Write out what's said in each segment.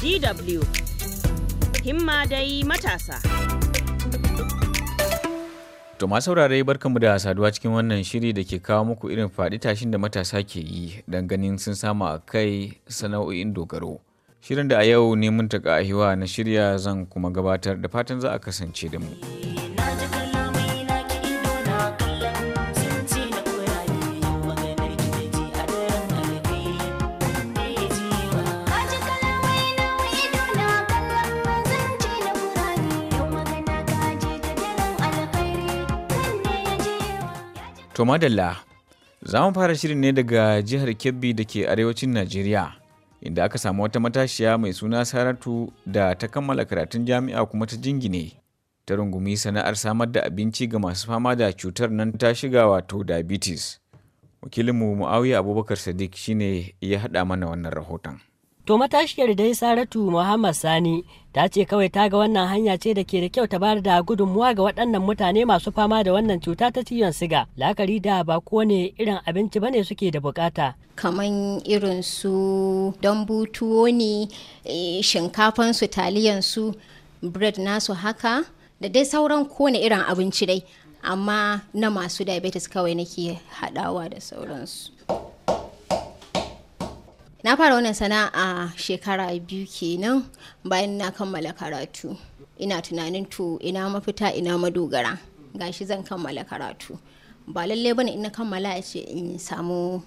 DW himma dai matasa. To masu saurare barkanmu da saduwa cikin wannan shiri da ke kawo muku irin faɗi tashin da matasa ke yi don ganin sun samu a kai sana'o'in dogaro. Shirin da a yau ne mun taka na shirya zan kuma gabatar da fatan za a kasance da mu. To madalla, za mu fara shirin ne daga jihar Kebbi da ke arewacin Najeriya, inda aka samu wata matashiya mai suna Saratu da ta kammala karatun jami'a kuma ta jingine. Ta rungumi sana'ar samar da abinci ga masu fama da cutar nan ta shiga wato diabetes. Wakilinmu Mu'awiyu Abubakar Sadiq shine ya haɗa mana wannan rahoton. To matashiyar dai Saratu Muhammad Sani ta ce kawai ta ga wannan hanya ce da ke da kyau ta bayar da gudunmuwa ga waɗannan mutane masu fama da wannan cuta ta ciwon siga. La'akari da ba kowane irin abinci ba ne suke da bukata. Kaman irin su dambu tuwo ne, e, shinkafan su taliyan su, bread nasu haka, da dai sauran kowane irin abinci dai. Amma na masu diabetes kawai nake haɗawa da sauransu. na fara wannan sana'a shekara biyu kenan bayan na kammala karatu ina tunanin to ina mafita ina madogara ga shi zan kammala karatu ba lallai bane ina kammala a ce in samu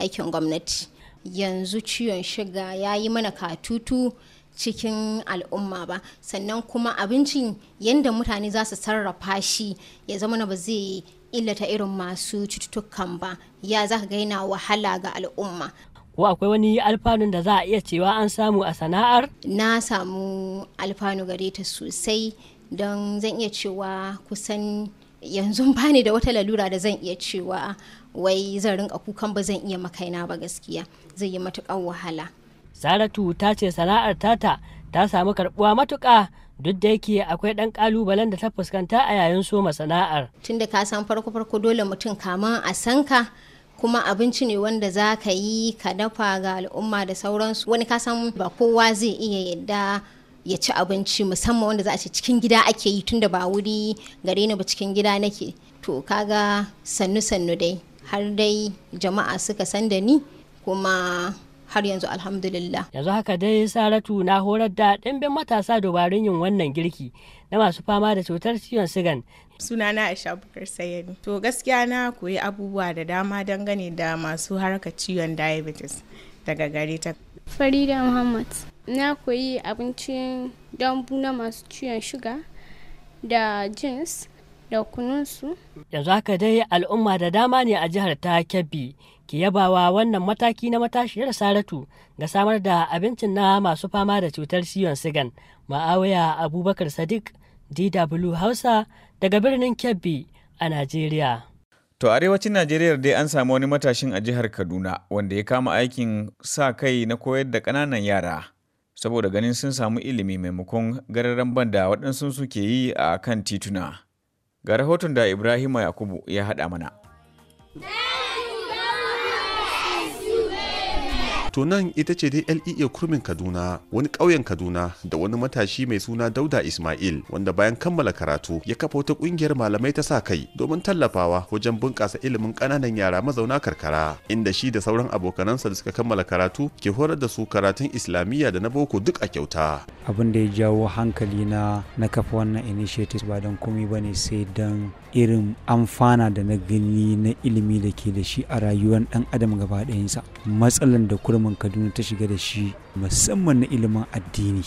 aikin gwamnati yanzu ciwon shiga ya yi mana katutu cikin al'umma ba sannan kuma abincin yadda mutane za su sarrafa shi ya zama na ba zai illata irin masu cututtukan ba ya za ka ga yana wahala ga al'umma ko akwai wani alfanun da za a iya cewa an samu a sana'ar na samu alfanu gare ta sosai don zan iya cewa kusan yanzu ba bani da wata lalura da zan iya cewa wai zan rinka kukan ba zan iya makaina ba gaskiya zai yi matukan wahala saratu ta ce sana'ar tata ta samu karbuwa matuƙa duk da yake akwai ɗan ƙalubalen da ta fuskanta a yayin soma sana'ar. tunda da ka san farko farko dole mutum kaman a sanka. kuma abinci ne wanda za ka yi ka dafa ga al'umma da sauransu wani kasan ba kowa zai iya yadda ya ci abinci musamman wanda za a ce cikin gida ake yi tunda ba wuri gare ni ba cikin gida nake to kaga sannu sannu dai har dai jama'a suka san da ni kuma har yanzu alhamdulillah yanzu haka dai saratu na horar da ɗimbin matasa dabarun yin wannan girki na masu fama da cutar ciwon sigan sunana aisha shabukar sayani to gaskiya na koyi abubuwa da dama dangane da masu harkar ciwon diabetes daga gare ta farida muhammad na koyi abincin dambu na masu ciwon shuga da jins. da kununsu. Yanzu haka dai al'umma da dama ne a jihar ta Kebbi ke yabawa wannan mataki na matashiyar Saratu ga samar da abincin na masu fama da cutar ciwon sigan. Ma'awaya Abubakar Sadiq DW Hausa daga birnin Kebbi a Najeriya. To arewacin Najeriya dai an samu wani matashin a jihar Kaduna wanda ya kama aikin sa kai na koyar da ƙananan yara. Saboda ganin sun samu ilimi maimakon gararan banda waɗansu suke yi a kan tituna. Ga rahoton da ibrahim Yakubu ya haɗa mana. tonan nan ita ce dai LEA kurmin Kaduna, wani ƙauyen Kaduna da wani matashi mai suna Dauda Ismail wanda bayan kammala karatu ya kafa wata ƙungiyar malamai ta sa kai domin tallafawa wajen bunƙasa ilimin ƙananan yara mazauna karkara, inda shi da sauran abokanansa da suka kammala karatu ke horar da su karatun Islamiyya da na boko duk a kyauta. abin da ya jawo hankali na na kafa wannan initiative ba don komai ba ne sai don irin amfana da na gani na ilimi da ke da shi a rayuwar ɗan adam gaba ɗayansa matsalan da kurmin kaduna ta shiga da shi musamman na ilimin addini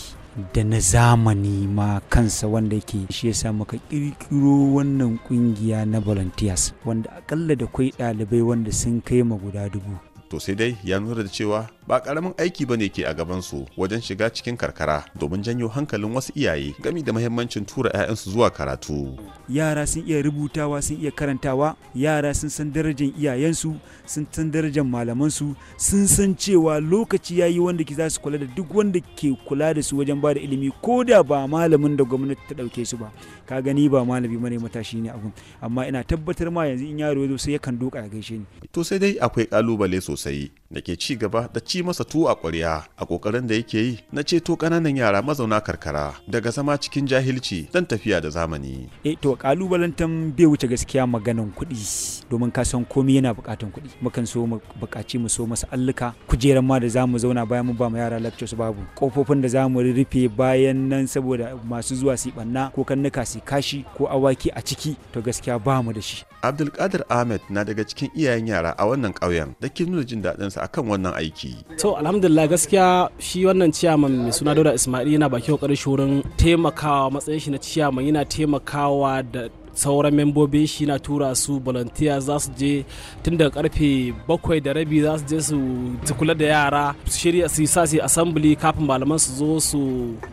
da na zamani ma kansa wanda yake shi yasa muka kirkiro wannan kungiya na volunteers wanda akalla da kwai ɗalibai wanda sun kai ma guda dubu to sai dai ya nuna da cewa ba karamin aiki ne ke a gabansu wajen shiga cikin karkara domin janyo hankalin wasu iyaye gami da mahimmancin tura 'ya'yansu zuwa karatu yara sun iya rubutawa sun iya karantawa yara sun san darajar iyayensu sun san darajar malamansu sun san cewa lokaci yayi wanda ki za su kula da duk wanda ke kula da su wajen bada ilimi ko da ba malamin da gwamnati ta dauke su ba ka gani ba malami bane matashi ne abun amma ina tabbatar ma yanzu in yaro ya zo sai yakan doka ya gaishe ni to sai dai akwai kalubale sosai da ke ci gaba da ci masa tuwo a ƙwarya a ƙoƙarin da yake yi na ceto ƙananan yara mazauna karkara daga zama cikin jahilci don tafiya da zamani. E to ƙalubalantan bai wuce gaskiya maganan kuɗi domin ka san komai yana buƙatan kuɗi mukan so mu buƙaci mu so masa alluka kujeran ma da za mu zauna bayan mu ba mu yara su babu ƙofofin da za mu rufe bayan nan saboda masu zuwa su ɓanna ko kannuka su kashi ko awaki a ciki to gaskiya ba mu da shi. Abdulkadir Ahmed na daga cikin iyayen yara a wannan ƙauyen da ke nuna jin daɗinsa akan wannan aiki. to alhamdulillah gaskiya shi wannan ciyaman mai suna dauda ismail yana baki kokarin shi wurin taimakawa matsayin shi na ciyaman yana taimakawa da sauran membobin shi na tura su volunteer za su je tun daga karfe bakwai da rabi za su je su kula da yara su shirya su sa su assembly kafin malaman su zo su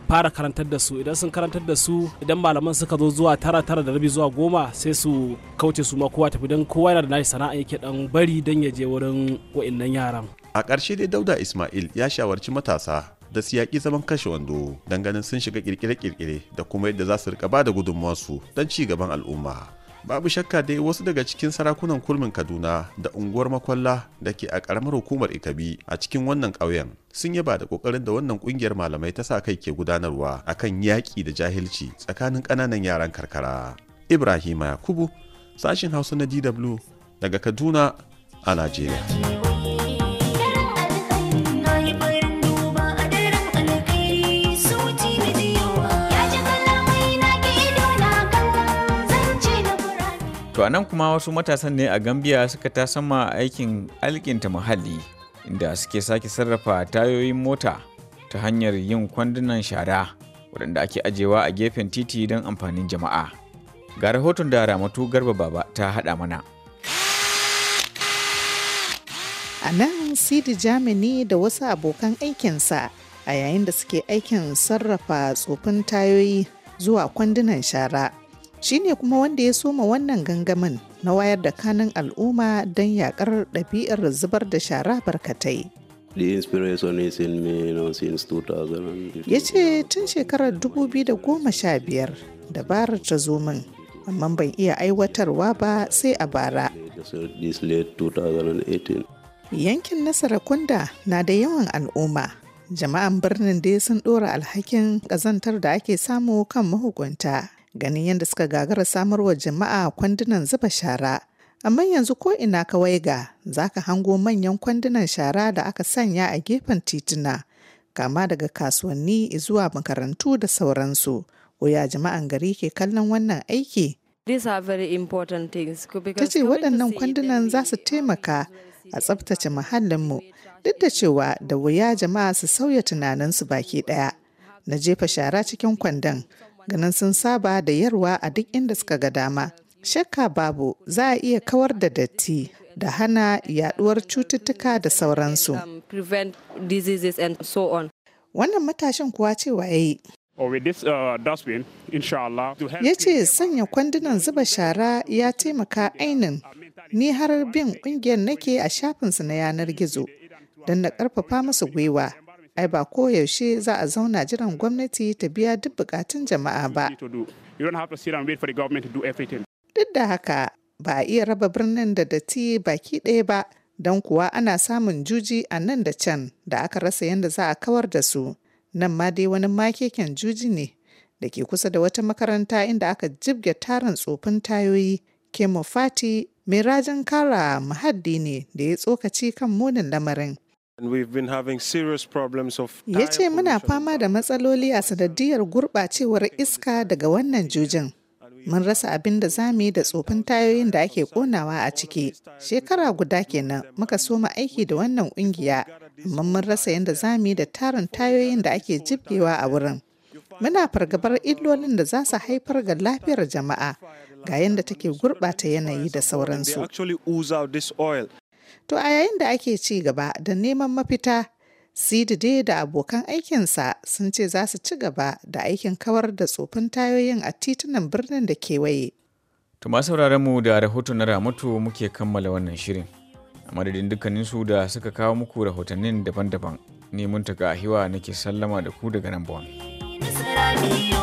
fara karantar da su idan sun karantar da su idan malaman suka zo zuwa tara tara da rabi zuwa goma sai su kauce su ma kowa tafi don kowa yana da nashi sana'a yake dan bari don ya je wurin waannan yaran a ƙarshe dai dauda ismail ya shawarci matasa da su yaƙi zaman kashe wando don ganin sun shiga kirkire-kirkire da kuma yadda za su rika ba da gudunmuwarsu don ci gaban al'umma babu shakka dai wasu daga cikin sarakunan kurmin kaduna da unguwar makwalla da ke a ƙaramar hukumar ikabi a cikin wannan ƙauyen sun yaba da ƙoƙarin da wannan ƙungiyar malamai ta sa kai ke gudanarwa akan yaƙi da jahilci tsakanin ƙananan yaran karkara ibrahima yakubu sashin hausa na dw daga kaduna a najeriya To anan kuma wasu matasan ne a Gambia suka ta sama aikin alkinta muhalli inda suke sake sarrafa tayoyin mota ta hanyar yin kwandunan shara waɗanda ake ajewa a gefen titi don amfanin jama'a. Ga rahoton da Ramatu Garba Baba ta haɗa mana. A nan Sidi Jamini da wasu abokan aikinsa a yayin da suke aikin sarrafa tsofin tayoyi zuwa kwandunan shara Shi ne kuma wanda ya soma wannan gangamin na wayar da kanin al'umma don yakar ɗabi'ar zubar da shara barkatai. The inspiration is in me now since 2015. Ya ce tun shekarar 2015 dabarar ta zo min, amma ban iya aiwatarwa ba sai a bara. Yankin Nasara Kunda na da yawan al'umma. Jama'an birnin dai sun ɗora alhakin ƙazantar da ake samu kan mahukunta. ganin yadda suka gagara wa jama'a kwandunan zuba shara. Amma yanzu ko ina ka waiga za ka hango manyan kwandunan shara da aka sanya a gefen tituna, kama daga kasuwanni zuwa makarantu da sauransu. Wuya jama'an gari ke kallon wannan aiki. Ta ce waɗannan kwandunan za su taimaka a tsabtace muhallinmu duk da cewa da wuya jama'a su sauya tunaninsu baki ɗaya. Na jefa shara cikin kwandon ganin sun saba da yarwa a duk inda suka ga dama. Shakka babu za a iya kawar da datti da hana yaduwar cututtuka da sauransu. Um, Wannan matashin kuwa cewa ya yi. Uh, ya ce sanya kwandunan zuba shara ya taimaka ainin ni har bin kungiyar nake a shafinsu na yanar gizo don na karfafa musu gwiwa ai ba koyaushe za a zauna jiran gwamnati ta biya duk bukatun jama'a ba. Duk da haka ba a iya raba birnin da datti baki ɗaya ba don kuwa ana samun juji a nan da can da aka rasa yadda za a kawar da su. Nan ma dai wani makeken juji ne da ke kusa da wata makaranta inda aka jibge tarin tsofin tayoyi. Kemofati mai rajin kara muhaddi ne da ya tsokaci kan munin lamarin. Ya ce muna fama da matsaloli a sanadiyar gurɓacewar iska daga wannan jujin. Mun rasa abin da za mu yi da tsofin tayoyin da ake ƙonawa a ciki. Shekara guda kenan muka soma aiki da wannan ƙungiya, amma mun rasa yadda za mu yi da tarin tayoyin da ake jibgewa a wurin. Muna fargabar illolin da za su haifar ga lafiyar jama'a ga yadda take gurɓata yanayi da sauransu. To a yayin da ake ci gaba da neman mafita, Sidide da abokan aikinsa sun ce za su ci gaba da aikin kawar da tsofin tayoyin a titunan birnin da kewaye. Tuma sauraron mu da rahoton na Ramatu muke kammala wannan shirin. A madadin su da suka kawo muku rahotannin daban-daban, ne mun taga hiwa nake sallama da ku daga nan Bonn.